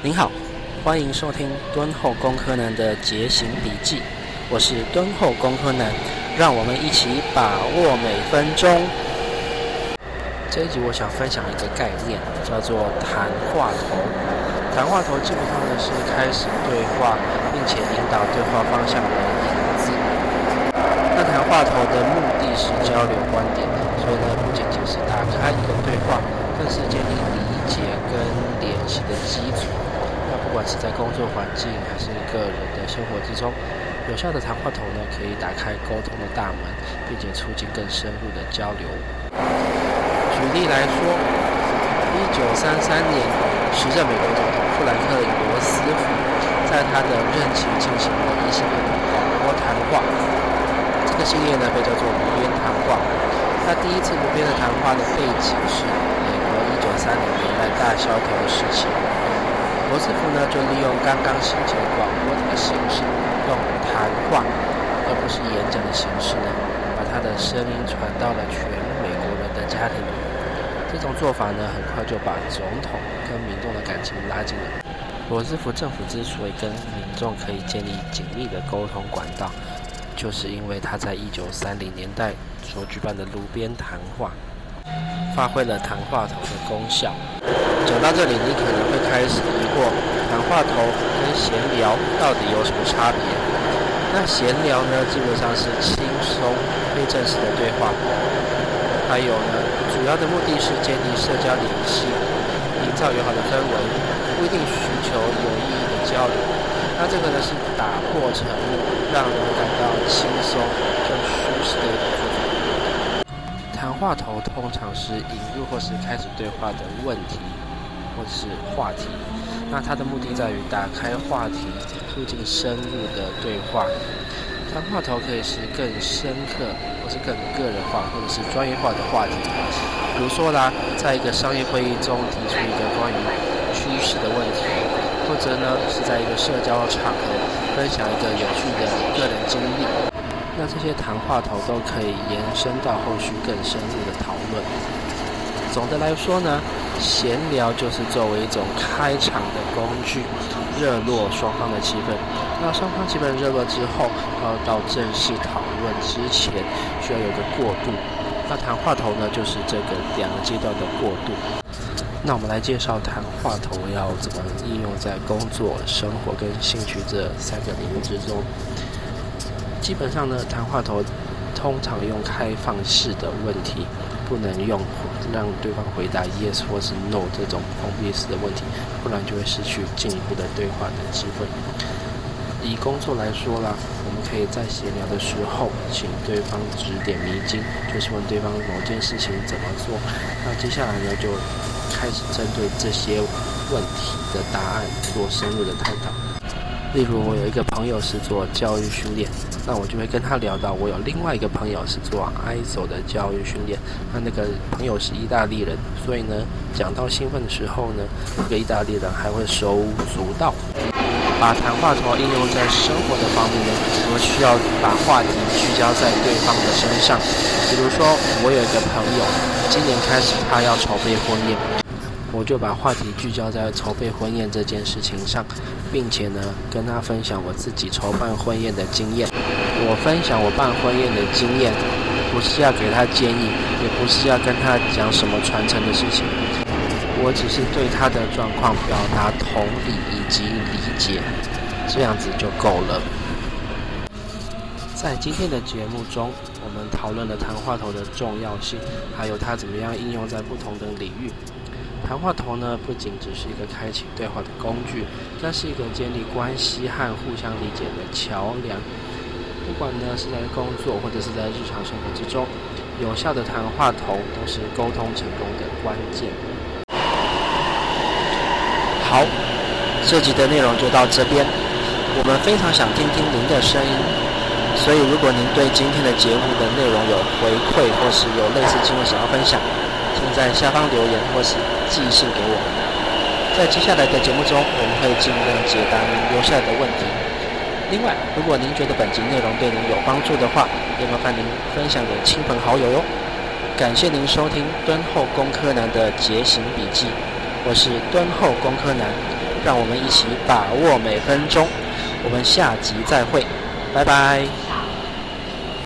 您好，歡迎收聽敦厚工科男的節行筆記，我是敦厚工科男，讓我們一起把握每分鐘。這一集我想分享一個概念，叫做談話頭。談話頭基本上呢，是開始對話，並且引導對話方向的引子。那談話頭的目的是交流觀點的，所以呢不僅僅是打開一個對話，更是建立理解跟聯繫的基礎。那不管是在工作環境還是個人的生活之中，有效的談話頭呢，可以打開溝通的大門，並且促進更深入的交流。舉例來說，一九三三年時任美國總統富蘭克林羅斯福在他的任期進行了一系列的廣播談話。這個系列呢，被叫做“爐邊談話”。那第一次爐邊的,的談話的背景是。大蕭條時期，羅斯福呢就是利用剛剛興起的廣播這個形式，用談話而不是演講的形式呢，把他的聲音傳到了全美國人的家庭。這種做法呢，很快就把總統跟民眾的感情拉近了。羅斯福政府之所以跟民眾可以建立緊密的溝通管道，就是因為他在一九三零年代所舉辦的路邊談話。發揮了談話頭的功效。講到這裡，你可能會開始疑惑，談話頭跟閒聊到底有什麼差別？那閒聊呢，基本上是輕鬆、非正式的對話，還有呢，主要的目的是建立社交聯繫，營造友好的氛圍，不一定尋求有意義的交流。那這個呢，是打破沉默，讓人感到輕鬆、更舒適的一點。談話頭通常是引入或是開始對話的問題，或者是話題。那它的目的在於打開話題，促進深入的對話。談話頭可以是更深刻，或是更個人化，或者是專業化的話題。比如說啦，在一個商業會議中提出一個關於趨勢的問題，或者呢是在一個社交場合分享一個有趣的個人經歷。那這些談話頭都可以延伸到後續更深入的討論。總的來說呢，閒聊就是作為一種開場的工具，熱絡雙方的氣氛。那雙方氣氛熱絡之後，然後到正式討論之前，需要有一個過渡。那談話頭呢，就是這個兩個階段的過渡。那我們來介紹談話頭要怎麼應用在工作、生活跟興趣這三個領域之中。基本上呢，談話頭通常用開放式的問題，不能用讓對方回答 yes 或是 no 這種封閉式的問題，不然就會失去進一步的對話的機會。以工作來說啦，我們可以在閒聊的時候請對方指點迷津，就是問對方某件事情怎麼做。那接下來呢，就開始針對這些問題的答案做深入的探討。例如，我有一個朋友是做教育訓練，那我就會跟他聊到。我有另外一個朋友是做 ISO 的教育訓練，那那個朋友是意大利人，所以呢，講到興奮的時候呢，那個意大利人還會手舞足蹈。把談話頭應用在生活的方面呢，我們需要把話題聚焦在對方的身上。比如說，我有一個朋友，今年開始他要籌備婚宴。我就把話題聚焦在籌備婚宴這件事情上，並且呢，跟他分享我自己籌辦婚宴的經驗。我分享我辦婚宴的經驗，不是要給他建議，也不是要跟他講什麼傳承的事情。我只是對他的狀況表達同理以及理解，這樣子就夠了。在今天的節目中，我們討論了談話頭的重要性，還有他怎麼樣應用在不同的領域。談話頭呢，不僅只是一個開啟對話的工具，更是一個建立關係和互相理解的橋梁。不管呢是在工作或者是在日常生活之中，有效的談話頭都是溝通成功的關鍵。好，這集的內容就到這邊。我們非常想聽聽您的聲音，所以如果您對今天的節目的內容有回饋，或是有類似經歷想要分享，請在下方留言，或是。寄信給我們。在接下來的節目中，我們會盡量解答您留下來的問題。另外，如果您覺得本集內容對您有幫助的話，也麻煩您分享給親朋好友喲。感謝您收聽敦厚工科男的節行筆記，我是敦厚工科男，讓我們一起把握每分鐘。我們下集再會，拜拜。